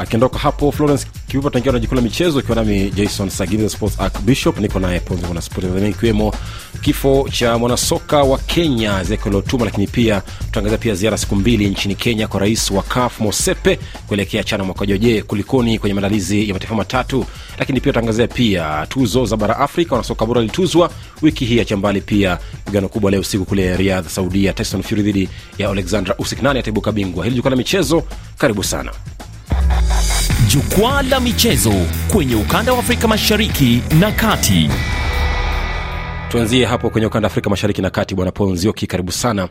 akiondoka hapo florence kiupa tangia na michezo ikiwa nami jason sagini sports bishop niko naye ponzi mwanaspoti tanzania ikiwemo kifo cha mwanasoka wa kenya zekolotuma lakini pia tutaangazia pia ziara siku mbili nchini kenya kwa rais wa kaf mosepe kuelekea chana mwaka ujao kulikoni kwenye maandalizi ya mataifa matatu lakini pia tutaangazia pia tuzo za bara afrika wanasoka bora lituzwa wiki hii achambali pia pigano kubwa leo usiku kule riadh saudia tyson fury dhidi ya alexandra usiknani nani ataibuka bingwa hili jukwa la michezo karibu sana Jukwaa la michezo kwenye ukanda wa Afrika Mashariki na Kati. Tuanzie hapo kwenye ukanda wa Afrika Mashariki na Kati, Bwana Paul Nzioki, karibu sana.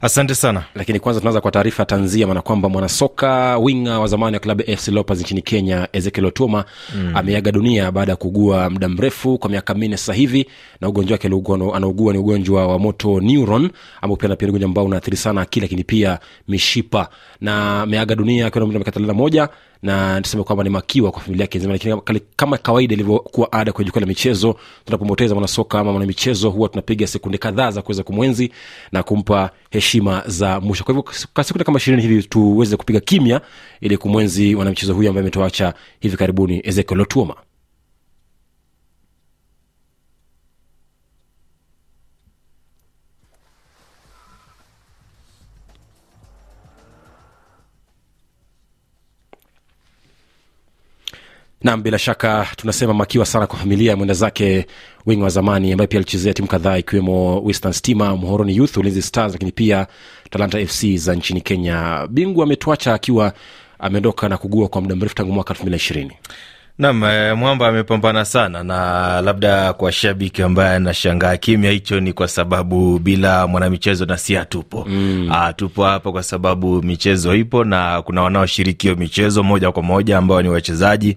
Asante sana. Lakini kwanza tunaanza kwa taarifa ya tanzia, maana kwamba mwanasoka winga wa zamani wa klabu ya AFC nchini Kenya, Ezekiel otuma mm. ameaga dunia baada ya kuugua muda mrefu kwa miaka minne sasa hivi, na ugonjwa wake anaugua ni ugonjwa wa moto neuron, ambao pia ni ugonjwa ambao unaathiri sana akili, lakini pia mishipa, na ameaga dunia akiwa na umri wa miaka thelathini na moja na tuseme kwamba ni makiwa kwa familia yake nzima, lakini kama kawaida ilivyokuwa ada kwenye jukwaa la michezo, tunapomboteza mwanasoka ama mwanamichezo, huwa tunapiga sekunde kadhaa za kuweza kumwenzi na kumpa heshima za mwisho. Kwa hivyo kwa sekunde kama ishirini hivi tuweze kupiga kimya ili kumwenzi mwanamchezo huyu ambaye ametoacha hivi karibuni, Ezekiel lotuoma Nam, bila shaka tunasema makiwa sana kwa familia ya mwenda zake wengi wa zamani ambaye pia alichezea timu kadhaa ikiwemo Western Stima, mhoroni Youth, Ulinzi Stars, lakini pia Talanta FC za nchini Kenya. Bingwa ametuacha akiwa ameondoka na kugua kwa muda mrefu tangu mwaka elfu mbili na ishirini. Nam eh, Mwamba amepambana sana, na labda kwa shabiki ambaye anashangaa kimya hicho, ni kwa sababu bila mwanamichezo na si hatupo mm. A, ah, tupo hapa kwa sababu michezo ipo na kuna wanaoshiriki hiyo michezo moja kwa moja ambao ni wachezaji,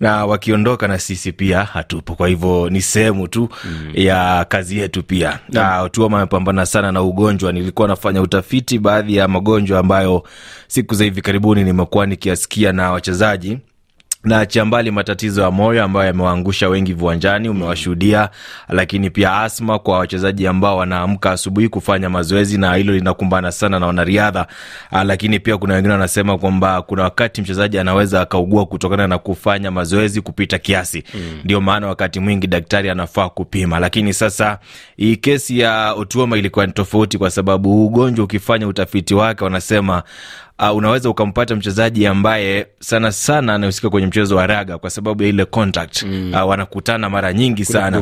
na wakiondoka na sisi pia hatupo. Kwa hivyo ni sehemu tu mm. ya kazi yetu pia na mm. Ah, Tuoma amepambana sana na ugonjwa. Nilikuwa nafanya utafiti baadhi ya magonjwa ambayo siku za hivi karibuni nimekuwa nikiasikia na wachezaji na achia mbali matatizo ya moyo ambayo yamewaangusha wengi viwanjani, umewashuhudia, lakini pia asma kwa wachezaji ambao wanaamka asubuhi kufanya mazoezi, na hilo linakumbana sana na wanariadha. Ah, lakini pia kuna wengine wanasema kwamba kuna wakati mchezaji anaweza akaugua kutokana na kufanya mazoezi kupita kiasi, mm. ndio mm. maana wakati mwingi daktari anafaa kupima. Lakini sasa hii kesi ya Otuoma ilikuwa ni tofauti, kwa sababu ugonjwa ukifanya utafiti wake wanasema uh, unaweza ukampata mchezaji ambaye sana sana anahusika kwenye mchezo wa raga kwa sababu ya ile contact mm. Uh, wanakutana mara nyingi sana,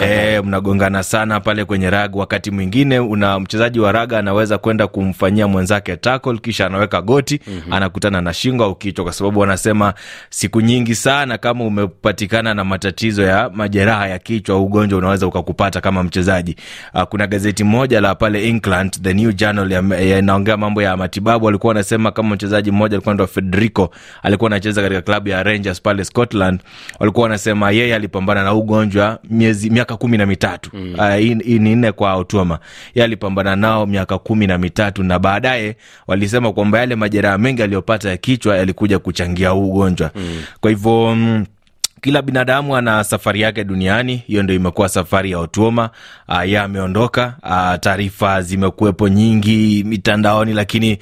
eh, mnagongana e, sana pale kwenye raga. Wakati mwingine una mchezaji wa raga anaweza kwenda kumfanyia mwenzake tackle, kisha anaweka goti mm -hmm. anakutana na shingo au kichwa, kwa sababu wanasema siku nyingi sana kama umepatikana na matatizo ya majeraha ya kichwa, au ugonjwa unaweza ukakupata kama mchezaji. Uh, kuna gazeti moja la pale England, The New Journal, ya mambo ya matibabu, walikuwa wana Nikasema kama mchezaji mmoja alikuwa anaitwa Federico, alikuwa anacheza katika klabu ya Rangers pale Scotland. Walikuwa wanasema yeye alipambana na ugonjwa miezi miaka kumi na mitatu mm. Uh, hii ni nne kwa Otuoma, yeye alipambana nao miaka kumi na mitatu na baadaye walisema kwamba yale majeraha mengi aliyopata ya kichwa yalikuja kuchangia huu ugonjwa mm. kwa hivyo mm, kila binadamu ana safari yake duniani. Hiyo ndio imekuwa safari ya Otuoma. Ah, Ye ameondoka, ah, taarifa zimekuwepo nyingi mitandaoni, lakini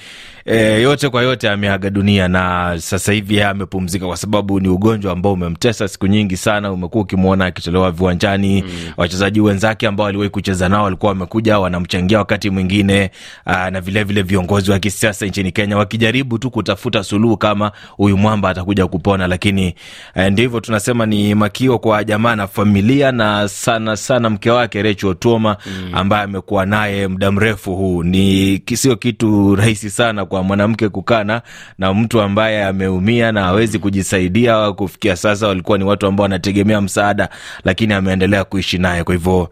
e, yote kwa yote ameaga dunia, na sasa hivi yeye amepumzika kwa sababu ni ugonjwa ambao umemtesa siku nyingi sana. Umekuwa ukimwona akitolewa viwanjani mm. Wachezaji wenzake ambao aliwahi kucheza nao walikuwa wamekuja wanamchangia wakati mwingine, ah, na vilevile vile viongozi wa kisiasa nchini Kenya wakijaribu tu kutafuta suluhu kama huyu mwamba atakuja kupona, lakini e, ndio hivyo tunasema anasema ni makio kwa jamaa na familia na sana sana mke wake Recho Otuoma mm. ambaye amekuwa naye muda mrefu huu. Ni sio kitu rahisi sana kwa mwanamke kukana na mtu ambaye ameumia na hawezi kujisaidia. Kufikia sasa walikuwa ni watu ambao wanategemea msaada, lakini ameendelea kuishi naye, kwa hivyo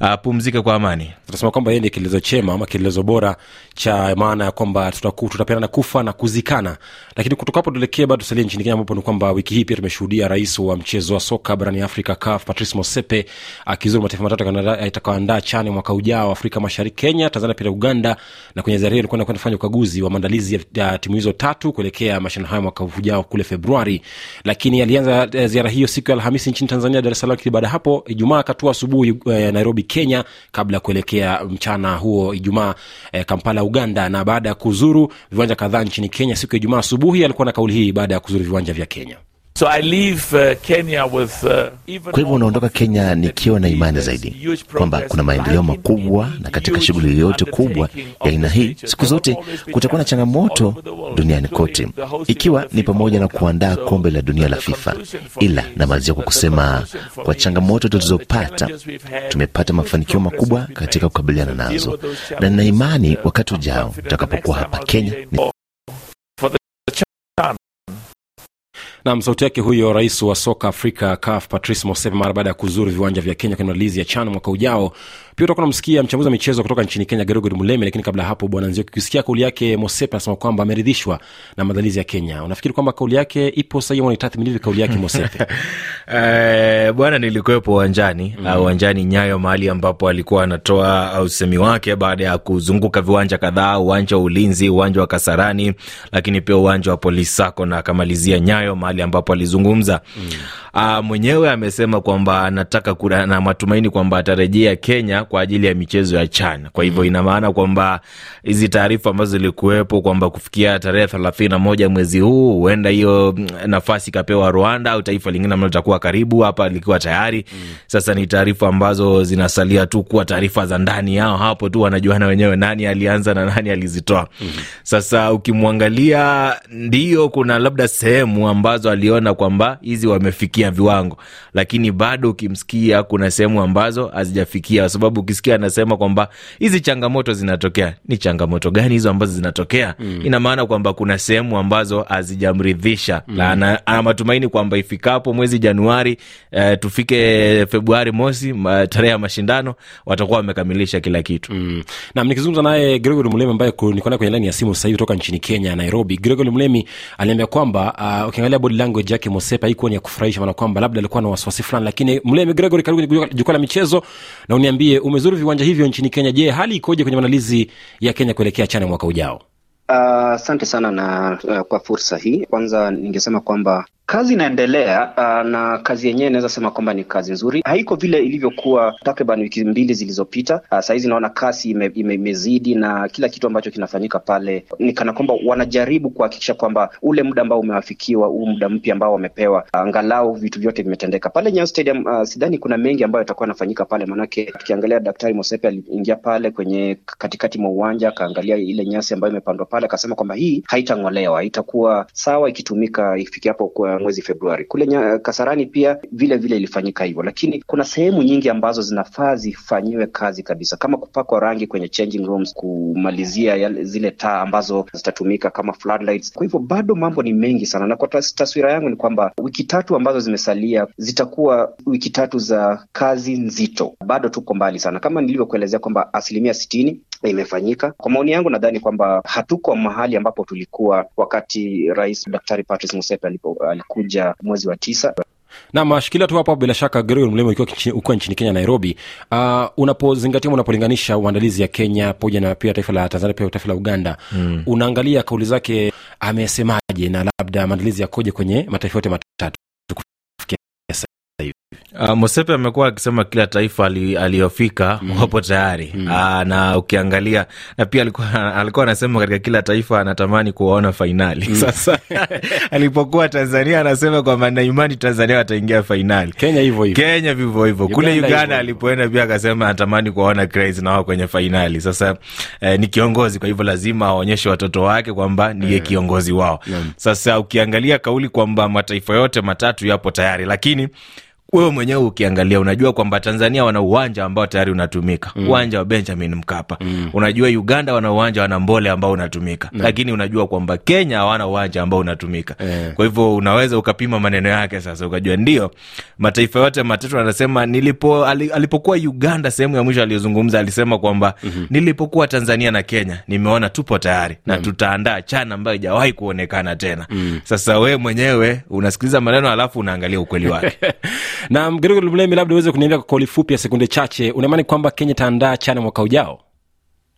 apumzike ah, kwa amani. Tunasema kwamba yeye ndiye kielezo chema ama kielezo bora cha maana ya kwamba tutapendana kufa na kuzikana. Lakini kutoka hapo tuelekee bado salia nchini Kenya, ambapo ni kwamba wiki hii pia tumeshuhudia rais wa mchezo wa soka barani Afrika CAF Patrice Motsepe akizuru mataifa matatu yatakayoandaa CHAN mwaka ujao Afrika Mashariki, Kenya, Tanzania pia Uganda, na kwenye ziara hiyo alikuwa anakwenda kufanya ukaguzi wa maandalizi ya timu hizo tatu kuelekea mashindano hayo mwaka ujao kule Februari. Lakini alianza eh, ziara hiyo siku ya Alhamisi nchini Tanzania, Dar es Salaam, baada hapo Ijumaa akatua asubuhi eh, Nairobi Nairobi, Kenya, kabla ya kuelekea mchana huo Ijumaa eh, Kampala, Uganda. Na baada ya kuzuru viwanja kadhaa nchini Kenya siku ya Ijumaa asubuhi, alikuwa na kauli hii baada ya kuzuru viwanja vya Kenya. So I leave, uh, Kenya with, uh, kwa hivyo unaondoka Kenya nikiwa na imani zaidi kwamba kuna maendeleo makubwa, na katika shughuli yoyote kubwa ya aina hii siku zote kutakuwa na changamoto duniani kote, ikiwa ni pamoja na kuandaa kombe la dunia la FIFA. Ila namalizia kwa kusema kwa changamoto tulizopata, tumepata mafanikio makubwa katika kukabiliana nazo, na nina imani uh, wakati ujao tutakapokuwa hapa Kenya ni Nam sauti yake huyo rais wa soka Afrika CAF Patrice Motsepe mara baada ya kuzuru viwanja vya Kenya kwenye malizi ya chano mwaka ujao pia utakuwa namsikia mchambuzi wa michezo kutoka nchini Kenya, Gregory Muleme. Lakini kabla ya hapo, bwana nzio ukisikia kauli yake Mosepe anasema kwamba ameridhishwa na maandalizi ya Kenya, unafikiri kwamba kauli yake ipo sahii ama nitathmini kauli yake Mosepe? Eh, bwana, nilikuwepo uwanjani mm-hmm. uh, uwanjani mm Nyayo, mahali ambapo alikuwa anatoa uh, usemi wake baada ya kuzunguka viwanja kadhaa, uwanja wa Ulinzi, uwanja wa Kasarani, lakini pia uwanja wa Polisi Sako na akamalizia Nyayo mahali ambapo alizungumza mm Uh, mwenyewe amesema kwamba anataka kuna na matumaini kwamba atarejea Kenya kwa ajili ya michezo ya CHAN. Kwa hivyo mm. ina maana kwamba hizi taarifa ambazo zilikuwepo kwamba kufikia tarehe thelathini na moja mwezi huu huenda hiyo mm, nafasi ikapewa Rwanda au taifa lingine ambalo litakuwa karibu hapa likiwa tayari mm. Sasa ni taarifa ambazo zinasalia tu kuwa taarifa za ndani yao, hapo tu wanajuana wenyewe nani alianza na nani alizitoa mm. Sasa ukimwangalia, ndio kuna labda sehemu ambazo aliona kwamba hizi wamefikia ya viwango, lakini bado ukimsikia kuna sehemu ambazo hazijafikia, kwa sababu ukisikia anasema kwamba hizi changamoto zinatokea, ni changamoto gani hizo ambazo zinatokea? Mm. Ina maana kwamba kuna sehemu ambazo hazijamridhisha mm. na ana, matumaini kwamba ifikapo mwezi Januari e, tufike Februari mosi ma, tarehe ya mashindano watakuwa wamekamilisha kila kitu mm. na nikizungumza naye Gregory Mulemi ambaye niko naye kwenye laini ya simu sasa hivi kutoka nchini Kenya, Nairobi. Gregory Mulemi aliambia kwamba uh, ukiangalia body language yake Mosepe haikuwa ni ya kufurahisha maana kwamba labda alikuwa na wasiwasi fulani, lakini Mlemi gregory karibu jukwaa la michezo, na uniambie umezuru viwanja hivyo nchini Kenya. Je, hali ikoje kwenye maandalizi ya Kenya kuelekea chane mwaka ujao? Asante uh, sana na uh, kwa fursa hii. Kwanza ningesema kwamba Kazi inaendelea uh, na kazi yenyewe inaweza sema kwamba ni kazi nzuri, haiko vile ilivyokuwa takriban wiki mbili zilizopita. Uh, sahizi naona kasi imezidi ime, na kila kitu ambacho kinafanyika pale ni kana kwamba wanajaribu kuhakikisha kwamba ule muda ambao umewafikiwa, huu muda mpya ambao wamepewa, uh, angalau vitu vyote vimetendeka pale Nyayo Stadium. Uh, sidhani kuna mengi ambayo yatakuwa yanafanyika pale, maanake tukiangalia Daktari Mosepe aliingia pale kwenye katikati mwa uwanja akaangalia ile nyasi ambayo imepandwa pale, akasema kwamba hii haitang'olewa, itakuwa sawa ikitumika ifikiapo kwa mwezi Februari. Kule eh, Kasarani pia vile vile ilifanyika hivyo, lakini kuna sehemu nyingi ambazo zinafaa zifanyiwe kazi kabisa, kama kupakwa rangi kwenye changing rooms, kumalizia yale, zile taa ambazo zitatumika kama floodlights. Kwa hivyo bado mambo ni mengi sana, na kwa taswira yangu ni kwamba wiki tatu ambazo zimesalia zitakuwa wiki tatu za kazi nzito. Bado tuko mbali sana, kama nilivyokuelezea kwamba asilimia sitini imefanyika. Kwa maoni yangu, nadhani kwamba hatuko mahali ambapo tulikuwa wakati Rais Daktari Patrice Motsepe alikuja mwezi wa tisa. Nam ashikilia tu hapo. Bila shaka Gregory Mlemo, ukiwa nchini Kenya, Nairobi, uh, unapozingatia unapolinganisha uandalizi ya Kenya pamoja na pia taifa la Tanzania pia taifa la Uganda mm, unaangalia kauli zake amesemaje, na labda maandalizi yakoje kwenye mataifa yote matatu? Uh, ah, Mosepe amekuwa akisema kila taifa aliyofika ali mm. wapo tayari mm. uh, na ukiangalia na pia alikuwa, anasema katika kila taifa anatamani kuwaona fainali mm. Sasa alipokuwa Tanzania anasema kwamba na imani Tanzania wataingia fainali. Kenya hivyo hivyo, Kenya vivyo hivyo, kule Uganda alipoenda pia akasema anatamani kuwaona Cranes na wao kwenye fainali. Sasa eh, ni kiongozi, kwa hivyo lazima awaonyeshe watoto wake kwamba ndiye yeah. Mm. kiongozi wao yeah. Mm. Sasa ukiangalia kauli kwamba mataifa yote matatu yapo tayari, lakini wewe mwenyewe ukiangalia unajua kwamba Tanzania wana uwanja ambao tayari unatumika mm. uwanja wa Benjamin Mkapa mm. unajua Uganda wana uwanja wana mbole ambao unatumika mm. lakini unajua kwamba Kenya hawana uwanja ambao unatumika yeah. kwa hivyo unaweza ukapima maneno yake sasa ukajua ndio mataifa yote matatu anasema nilipo alipokuwa Uganda sehemu ya mwisho aliyozungumza alisema kwamba mm-hmm. nilipokuwa Tanzania na Kenya nimeona tupo tayari na mm. tutaandaa chana ambayo ijawahi kuonekana tena mm. sasa wee mwenyewe unasikiliza maneno alafu unaangalia ukweli wake Na Gregory Mlemi, labda uweze kuniambia kwa kauli fupi ya sekunde chache, unaimani kwamba Kenya itaandaa chana mwaka ujao?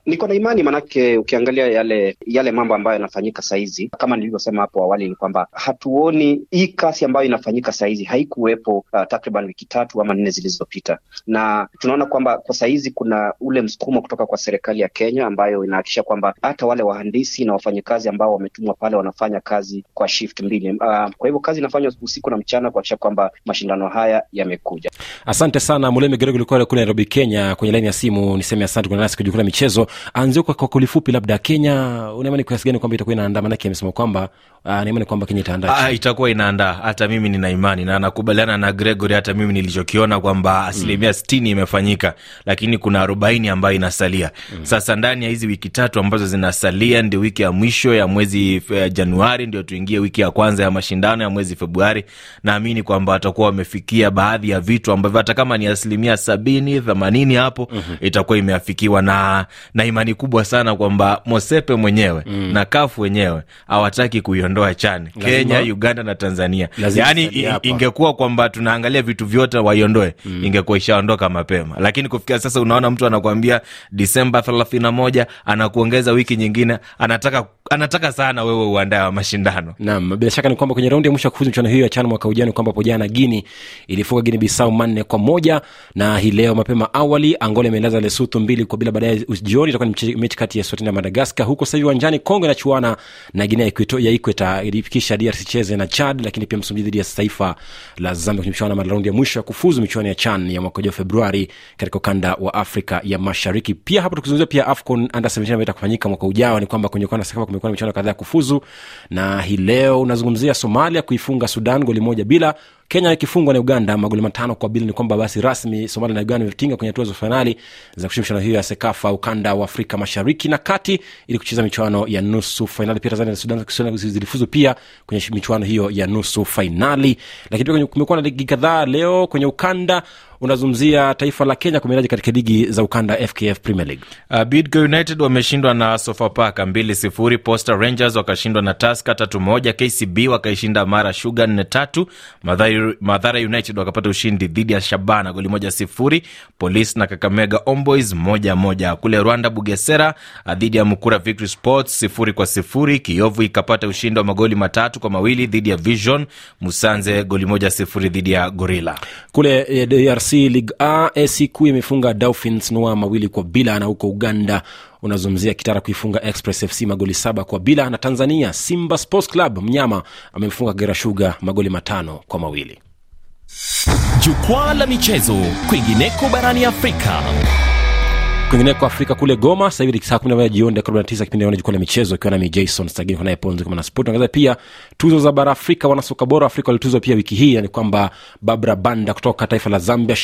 Niko na imani manake, ukiangalia yale yale mambo ambayo yanafanyika sahizi, kama nilivyosema hapo awali, ni kwamba hatuoni hii kasi ambayo inafanyika sahizi haikuwepo uh, takriban wiki tatu ama nne zilizopita, na tunaona kwamba kwa sahizi kuna ule msukumo kutoka kwa serikali ya Kenya ambayo inahakikisha kwamba hata wale wahandisi na wafanyakazi ambao wametumwa pale wanafanya kazi kwa shift mbili. Uh, kwa hivyo kazi inafanywa usiku na mchana kuhakikisha kwamba mashindano haya yamekuja. Asante sana Mulemi Geregoli kule Nairobi, Kenya, kwenye laini ya simu. Niseme asante kuna nasi kujukula michezo Nzioka, kwa kulifupi, labda Kenya unaimani kiasi gani kwamba itakuwa inaandaa? Maanake amesema kwamba ah, naimani kwamba Kenya itaandaa. Ah, itakuwa inaandaa, hata mimi nina imani na nakubaliana na Gregory. Hata mimi nilichokiona kwamba mm. asilimia mm. sitini imefanyika, lakini kuna arobaini ambayo inasalia mm. Sasa ndani ya hizi wiki tatu ambazo zinasalia, ndio wiki ya mwisho ya mwezi eh, Januari, ndio tuingie wiki ya kwanza ya mashindano ya mwezi Februari. Naamini kwamba watakuwa wamefikia baadhi ya vitu ambavyo hata kama ni asilimia sabini themanini hapo mm -hmm. itakuwa imeafikiwa na, na imani kubwa sana kwamba Mosepe mwenyewe mm. na Kafu wenyewe hawataki kuiondoa lazima. Kenya, Uganda na Tanzania. Lazima yani ingekuwa kwamba tunaangalia vitu vyote waiondoe mm. ingekuwa ishaondoka mapema, lakini kufikia sasa unaona mtu anakuambia Disemba thelathini na moja anakuongeza wiki nyingine, anataka anataka sana wewe uandae wa mashindano. Naam, bila shaka ni kwamba kwenye raundi ya mwisho ya kufuzu michuano hiyo ya CHAN mwaka ujao ni kwamba hapo jana Guini ilifunga Guini Bisau manne kwa moja, na hii leo mapema awali Angola imelaza Lesotho mbili kwa bila. Baadaye jioni itakuwa ni mechi kati ya Swatina na Madagaskar. Huko sasa hivi uwanjani Kongo inachuana na Guinea ya Ikweta, ilifikisha DRC cheze na Chad, lakini pia Msumbiji dhidi ya taifa la Zambia kwenye michuano ya raundi ya mwisho ya kufuzu michuano ya CHAN ya mwaka ujao Februari katika ukanda wa Afrika ya Mashariki. Pia hapo tukizungumzia pia AFCON under 17 ambayo itakufanyika mwaka ujao ni kwamba kwenye ukanda wa kumekuwa na michuano kadhaa ya kufuzu na hii leo unazungumzia somalia kuifunga sudan goli moja bila Kenya ikifungwa na Uganda magoli matano kwa bili ni kwamba basi rasmi Somalia na Uganda vimetinga kwenye hatua za fainali za kushia michuano hiyo ya SEKAFA ukanda wa Afrika mashariki na kati ili kucheza michuano ya nusu fainali. Pia Tanzania na Sudan Kusini zilifuzu pia kwenye michuano hiyo ya nusu fainali. Lakini pia kumekuwa na ligi kadhaa leo kwenye ukanda unazungumzia taifa la Kenya kumenaje katika ligi za ukanda FKF Premier League. Uh, bidgo United wameshindwa na Sofapaka 2-0, Posta Rangers wakashindwa na taska 3-1, KCB wakaishinda Mara shuga 4-3, Madhari Mathare United wakapata ushindi dhidi ya Shabana goli moja sifuri. polis na Kakamega Omboys moja moja. Kule Rwanda, Bugesera ah, dhidi ya Mukura Victory Sports sifuri kwa sifuri. Kiyovu ikapata ushindi wa magoli matatu kwa mawili dhidi ya Vision. Musanze goli moja sifuri dhidi ya Gorila. Kule eh, DRC Ligue A, AS Kwi imefunga Dauphins Noa mawili kwa bila, na huko Uganda unazungumzia Kitara kuifunga Express FC magoli saba kwa bila, na Tanzania Simba Sports Club mnyama amemfunga Gera shuga magoli matano kwa mawili. Jukwaa la michezo kwingineko barani Afrika kwingineko afrika kule goma sasa saa kumi na moja jioni dakika tisa kipindi naona la michezo ikiwa nami jason ponzi kama na sport pia tuzo za bara afrika wanasoka bora afrika walituzwa pia wiki hii kwamba babra banda kutoka taifa la zambia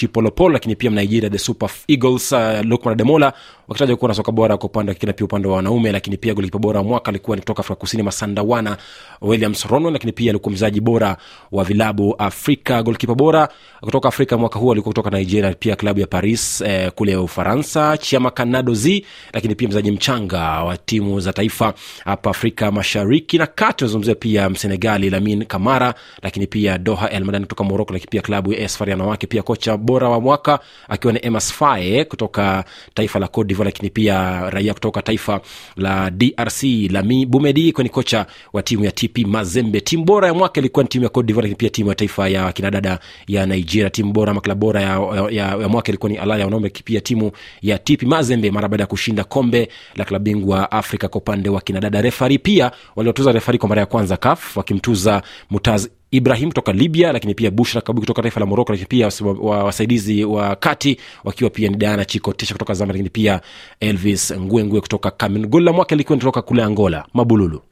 lakini pia the super eagles uh, lukman demola wakitaja kuwa nasoka bora kwa upande wa pia upande wa wanaume lakini pia golikipa bora wa mwaka alikuwa ni kutoka afrika kusini masandawana williams lakini pia alikuwa mchezaji bora wa vilabu afrika bora kutoka afrika mwaka huu alikuwa kutoka nigeria pia klabu ya paris eh, kule ufaransa Chiama Kanado Z, lakini pia mchezaji mchanga wa timu za taifa hapa Afrika Mashariki na Kati. unazungumzia pia Msenegali Lamin Kamara, lakini pia Doha El Madani kutoka Moroko, lakini pia klabu ya esfari anawake pia kocha bora wa mwaka akiwa ni Emas Faye kutoka taifa la Cote d'Ivoire, lakini pia raia kutoka taifa la DRC Lami Bumedi ni kocha wa timu ya TP Mazembe. Timu bora ya mwaka ilikuwa ni timu ya Cote d'Ivoire, lakini pia timu ya taifa ya kinadada ya Nigeria. Timu bora ama klabu bora ya, ya, ya, ya mwaka ilikuwa ni Alaya wanaume, pia timu ya TP Mazembe mara baada ya kushinda kombe la klabu bingwa Afrika kwa upande wa kinadada. Refari pia waliotuza refari kwa mara ya kwanza kaf wakimtuza Mutaz Ibrahim kutoka Libya, lakini pia Bushra Kabuki kutoka taifa la Moroko, lakini pia wasaidizi wa kati wakiwa pia ni Diana Chikotesha kutoka Zambia, lakini pia Elvis Ngwengwe kutoka camen Goli la mwaka likiwa nitoka kule Angola, Mabululu.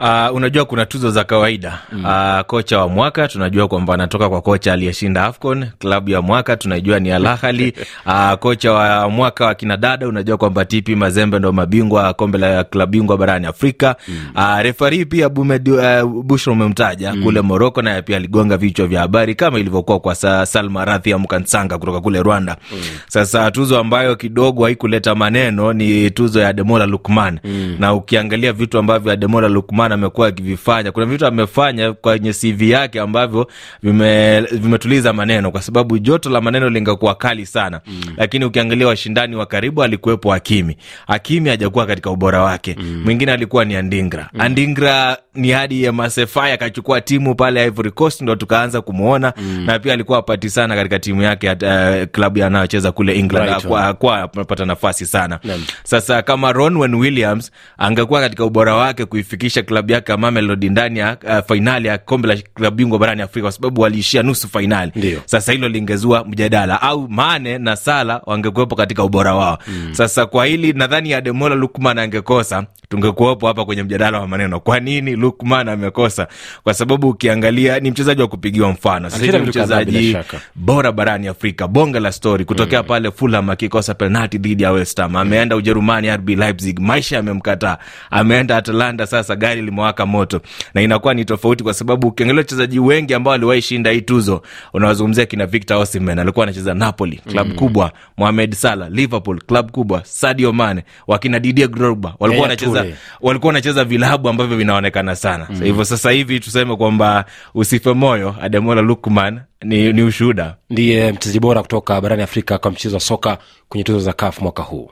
Uh, unajua kuna tuzo za kawaida mm. Uh, kocha wa mwaka tunajua kwamba anatoka kwa kocha aliyeshinda AFCON. Klabu ya mwaka tunajua ni alahali Uh, ah, kocha wa mwaka wa kinadada unajua kwamba TP Mazembe ndo mabingwa kombe la klabu bingwa barani Afrika. Mm. Uh, refari pia uh, umemtaja mm. kule Moroko naye pia aligonga vichwa vya habari kama ilivyokuwa kwa sa, Salma Radhia Mkansanga kutoka kule Rwanda. Mm. Sasa tuzo ambayo kidogo haikuleta maneno ni tuzo ya Ademola Lukman. Mm. Na ukiangalia vitu ambavyo Ademola Lukman amekuwa akivifanya, kuna vitu amefanya kwenye CV yake ambavyo vime, vimetuliza maneno kwa sababu joto la maneno lingekuwa kali sana. Mm. Lakini ukiangalia washindani wa karibu alikuwepo Hakimi. Hakimi hajakuwa katika ubora wake. Mm. Mwingine alikuwa ni Andingra. Mm. Andingra ni hadi ya Masefai akachukua timu pale Ivory Coast ndo tukaanza kumwona mm. na pia alikuwa apati sana katika timu yake uh, klabu anayocheza kule England right, akuwa anapata nafasi sana Nem. Sasa kama Ronwen Williams angekuwa katika ubora wake kuifikisha klabu yake ya Mamelodi ndani ya uh, eh, fainali ya kombe la klabu bingwa barani Afrika kwa sababu waliishia nusu fainali. Sasa hilo lingezua mjadala, au Mane na Sala wangekuwepo katika ubora wao mm. Sasa kwa hili nadhani Ademola Lukman angekosa, tungekuwepo hapa kwenye mjadala wa maneno, kwa nini Lukman amekosa? Kwa sababu ukiangalia ukiangalia ni mchezaji wa kupigiwa mfano. Sasa hivi mchezaji bora barani Afrika, bonga la stori kutokea mm. pale Fulham akikosa penalti dhidi ya West Ham, ameenda Ujerumani RB Leipzig, maisha yamemkataa, ameenda Atalanta, sasa gari limewaka moto. Na inakuwa ni tofauti kwa sababu ukiangalia wachezaji wengi ambao waliwahi shinda hii tuzo, unawazungumzia kina Victor Osimhen alikuwa anacheza Napoli, klab mm. kubwa, Mohamed Salah Liverpool, klab kubwa, Sadio Mane, wakina Didier Drogba walikuwa wanacheza walikuwa wanacheza vilabu ambavyo vinaonekana sana mm. so, hivyo sasa hivi tuseme kwamba usife moyo. Ademola Lukman ni, ni ushuhuda, ndiye mchezaji bora kutoka barani Afrika kwa mchezo wa soka kwenye tuzo za KAF mwaka huu.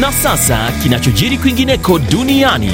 Na sasa kinachojiri kwingineko duniani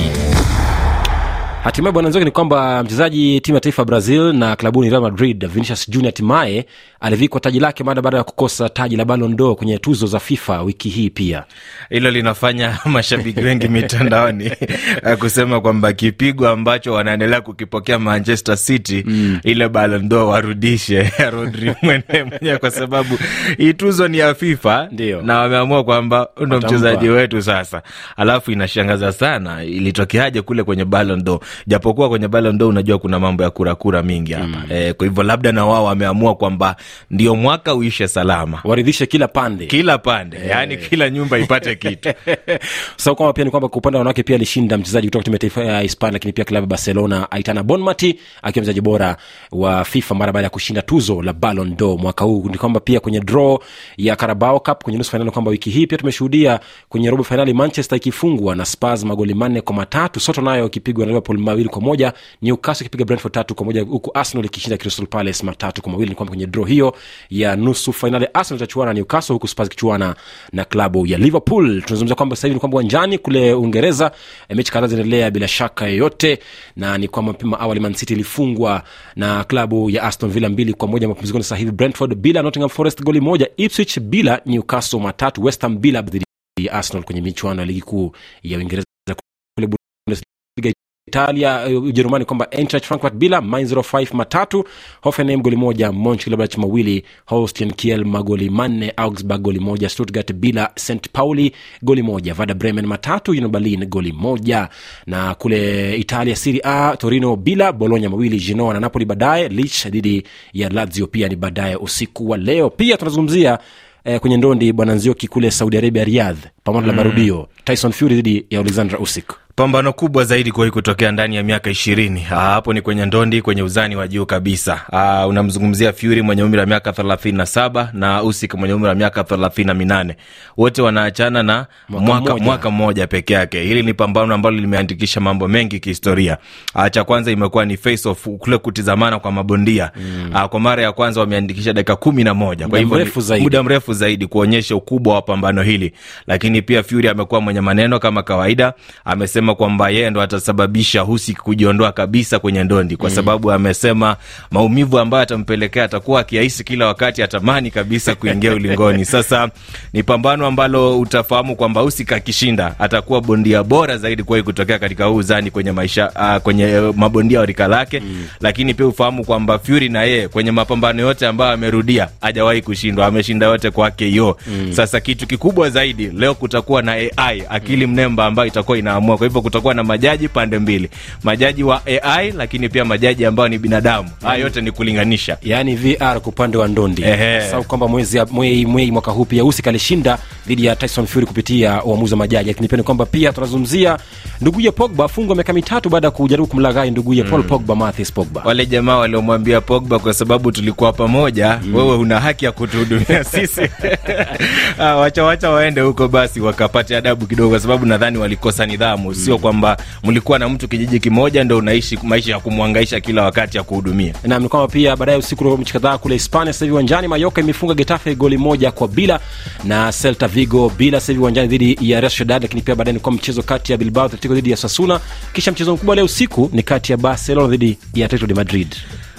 Hatimaye bwana Nzoki, ni kwamba mchezaji timu ya taifa ya Brazil na klabuni Real Madrid Vinicius Junior hatimaye alivikwa taji lake mada baada ya kukosa taji la Ballon d'Or kwenye tuzo za FIFA wiki hii. Pia hilo linafanya mashabiki wengi mitandaoni eh, kusema kwamba kipigo ambacho wanaendelea kukipokea Manchester City mm. ile Ballon d'Or warudishe Rodri mwenyewe mwenyewe, kwa sababu hii tuzo ni ya FIFA Ndiyo. na wameamua kwamba ndo mchezaji wetu sasa. Alafu inashangaza sana, ilitokeaje kule kwenye Ballon d'Or japokuwa kwenye Ballon d'Or unajua kuna mambo ya kurakura mingi hapa mm. E, kwa hivyo labda na wao wameamua kwamba ndio mwaka uishe salama, waridhishe kila pande, kila pande e. Eh. Yani kila nyumba ipate kitu sasa. so kwamba pia ni kwamba kwa upande wa wanawake pia alishinda mchezaji kutoka timu ya taifa ya Hispania, lakini pia klabu ya Barcelona Aitana Bonmati akiwa mchezaji bora wa FIFA mara baada ya kushinda tuzo la Ballon d'Or mwaka huu. Ni kwamba pia kwenye draw ya Carabao Cup kwenye nusu fainali kwamba wiki hii pia tumeshuhudia kwenye robo fainali Manchester ikifungwa na Spurs magoli manne kwa matatu, Soto nayo ikipigwa na Liverpool mawili kwa moja newcastle ikipiga brentford tatu kwa moja huku arsenal ikishinda crystal palace matatu kwa mawili ni kwamba kwenye draw hiyo ya nusu fainali arsenal itachuana na newcastle huku spurs ikichuana na klabu ya liverpool tunazungumza kwamba sasa hivi ni kwamba uwanjani kule uingereza eh, mechi kadhaa zinaendelea bila shaka yoyote na ni kwamba mapema awali mancity ilifungwa na klabu ya aston villa mbili kwa moja mapumzikoni sasa hivi brentford bila nottingham forest goli moja ipswich bila newcastle matatu westham bila dhidi ya arsenal kwenye michuano ya ligi kuu ya uingereza kule bundesliga Italia, eh, Ujerumani kwamba Eintracht Frankfurt bila Mainz 05 matatu, Hoffenheim goli moja, Monchengladbach mawili, Holstein Kiel magoli manne, Augsburg goli moja, Stuttgart bila St Pauli goli moja, Vada Bremen matatu, uno Berlin goli moja. Na kule Italia siri A, Torino bila Bologna mawili, Genoa na Napoli baadaye, lich dhidi ya Lazio pia ni baadaye usiku wa leo. Pia tunazungumzia eh, kwenye ndondi bwana Nzioki kule Saudi Arabia, riadh pamoja na mm. marudio Tyson Fury dhidi ya Alexandra usik Pambano kubwa zaidi kuwahi kutokea ndani ya miaka ishirini. Ah, hapo ni kwenye ndondi, kwenye uzani wa juu kabisa. Ah, unamzungumzia Fury mwenye umri wa miaka thelathini na saba na Usyk mwenye umri wa miaka thelathini na minane. Wote wanaachana na mwaka, mwaka mmoja peke yake. Hili ni pambano ambalo limeandikisha mambo mengi kihistoria. Ah, cha kwanza imekuwa ni face off, kule kutizamana kwa mabondia mm. kwa mara ya kwanza wameandikisha dakika kumi na moja, kwa hivyo muda mrefu zaidi kuonyesha ukubwa wa pambano hili, lakini pia Fury amekuwa mwenye maneno kama kawaida, amesema amesema kwamba yeye ndo atasababisha Husi kujiondoa kabisa kwenye ndondi, kwa mm. sababu amesema maumivu ambayo atampelekea atakuwa akihisi kila wakati atamani kabisa kuingia ulingoni. Sasa ni pambano ambalo utafahamu kwamba Husi kakishinda atakuwa bondia bora zaidi kuwahi kutokea katika huu uzani kwenye maisha uh, kwenye eh, mabondia wa rika lake mm. Lakini pia ufahamu kwamba Fury na yeye kwenye mapambano yote ambayo amerudia hajawahi kushindwa, ameshinda yote kwa KO mm. Sasa kitu kikubwa zaidi leo kutakuwa na AI akili mm. mnemba ambayo itakuwa inaamua kwa hivyo ambapo kutakuwa na majaji pande mbili, majaji wa AI lakini pia majaji ambao ni binadamu. Haya mm. yote ni kulinganisha, yani VR kwa upande wa ndondi. Sababu kwamba mwezi mwei mwei mwaka huu pia Usyk alishinda dhidi ya Tyson Fury kupitia uamuzi wa majaji, lakini pia ni kwamba pia tunazungumzia nduguye Pogba afungwa miaka mitatu baada ya kujaribu kumlaghai nduguye Paul mm. Pogba, Mathis Pogba. Wale jamaa waliomwambia Pogba, kwa sababu tulikuwa pamoja, mm. wewe una haki ya kutuhudumia sisi. ah, Wacha wacha waende huko basi wakapate adabu kidogo, kwa sababu nadhani walikosa nidhamu. mm sio kwamba mlikuwa na mtu kijiji kimoja ndo unaishi maisha ya kumwangaisha kila wakati ya kuhudumia. nam ni kwamba pia baadaye usiku mchi kadhaa kule Hispania. Sasa uwanjani Mayoka imefunga Getafe goli moja kwa bila na Celta Vigo bila sasa uwanjani dhidi ya Real Sociedad, lakini pia baadaye nikuwa mchezo kati ya Bilbao Atletico dhidi ya Sasuna, kisha mchezo mkubwa leo usiku ni kati ya Barcelona dhidi ya Atletico de Madrid.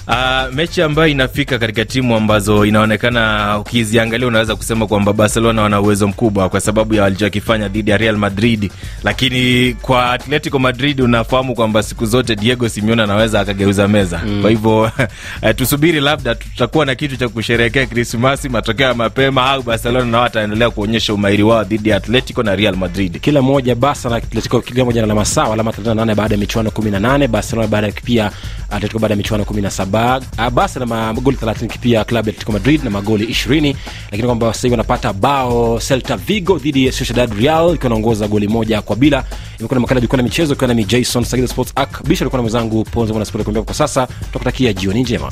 Uh, mechi ambayo inafika katika timu ambazo inaonekana ukiziangalia unaweza kusema kwamba Barcelona wana uwezo mkubwa kwa sababu ya walichokifanya dhidi ya Real Madrid, lakini kwa Atletico Madrid unafahamu kwamba siku zote Diego Simeone anaweza akageuza meza mm. Kwa hivyo eh, tusubiri, labda tutakuwa na kitu cha kusherehekea Krismasi, matokeo ya mapema, au Barcelona nao wataendelea kuonyesha umahiri wao dhidi ya Atletico na Real Madrid. Kila moja Barca na Atletico kila moja na alama sawa, alama 38 baada ya michuano 18, Barcelona baada ya pia Atletico baada ya michuano 17 basi na ah, magoli 30, pia klabu ya Atletico Madrid na magoli 20, lakini kwamba sasa hivi wanapata bao Celta Vigo dhidi ya Sociedad Real ikiwa inaongoza goli moja kwa bila. Imekuwa na makala jukwaa la michezo ikiwa nami Jason Sagida Sports Ak, bisha alikuwa na mwenzangu Ponzo Mwana kuambia kwa sasa, tukutakia jioni njema.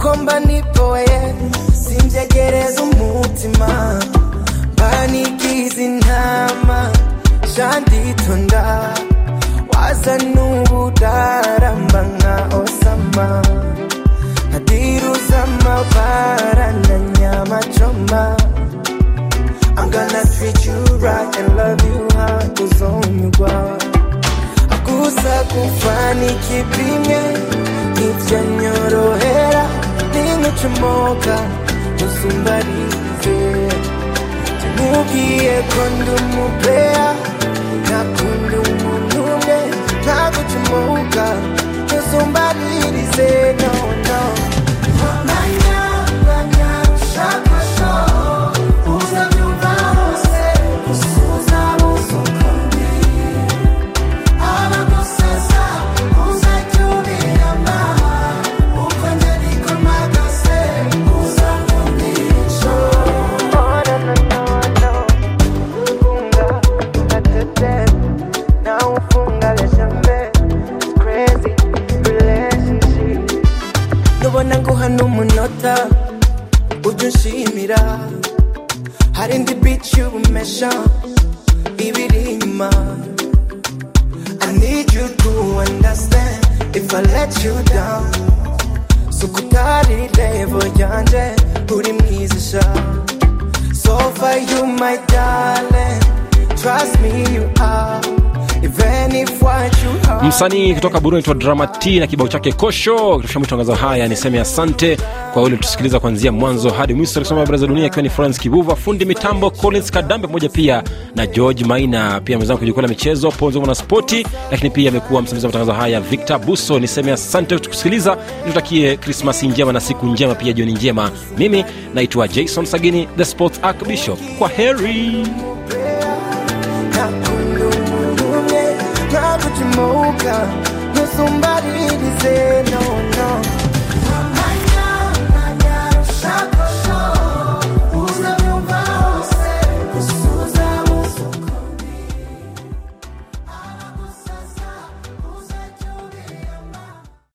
uko mba nipoye simbyegereza umutima mbanigize intama shanditonda waza n'uburara mba nka osama nkadiruza amabara na nyamacoma I'm gonna treat you right and love you hakuzonyugwa akuza kufani kipimye nivyanyorohera unachomoka usimbalize, tunukie kundumupea na no msanii kutoka Burundi naitwa Dramati na kibao chake Kosho. Kitufisha matangazo haya, niseme asante kwa ule tusikiliza kuanzia mwanzo hadi mwisho. Kusoma habari za dunia, ikiwa ni Florence Kibuva, fundi mitambo Collins Kadambe, pamoja pia na George Maina, pia mwenzangu kwenye jukwaa la michezo Ponzo na spoti, lakini pia amekuwa msimamizi wa matangazo haya Victor Buso. Niseme asante kutusikiliza, nitutakie Krismasi njema na siku njema pia jioni njema. Mimi naitwa Jason Sagini, the sports archbishop. Kwa heri. Jamaica, no somebody to say no, no.